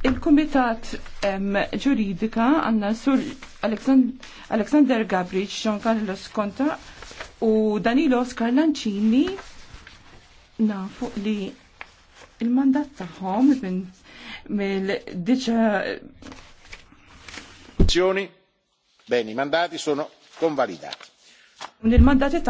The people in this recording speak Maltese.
Il-Kumitat ġuridika għanna sur Alexander Gabriċ, John Carlos Conta u Danilo Oscar Lancini nafu li il-mandat taħħom mill-diċa. Bene, i mandati sono convalidati. Nel mandato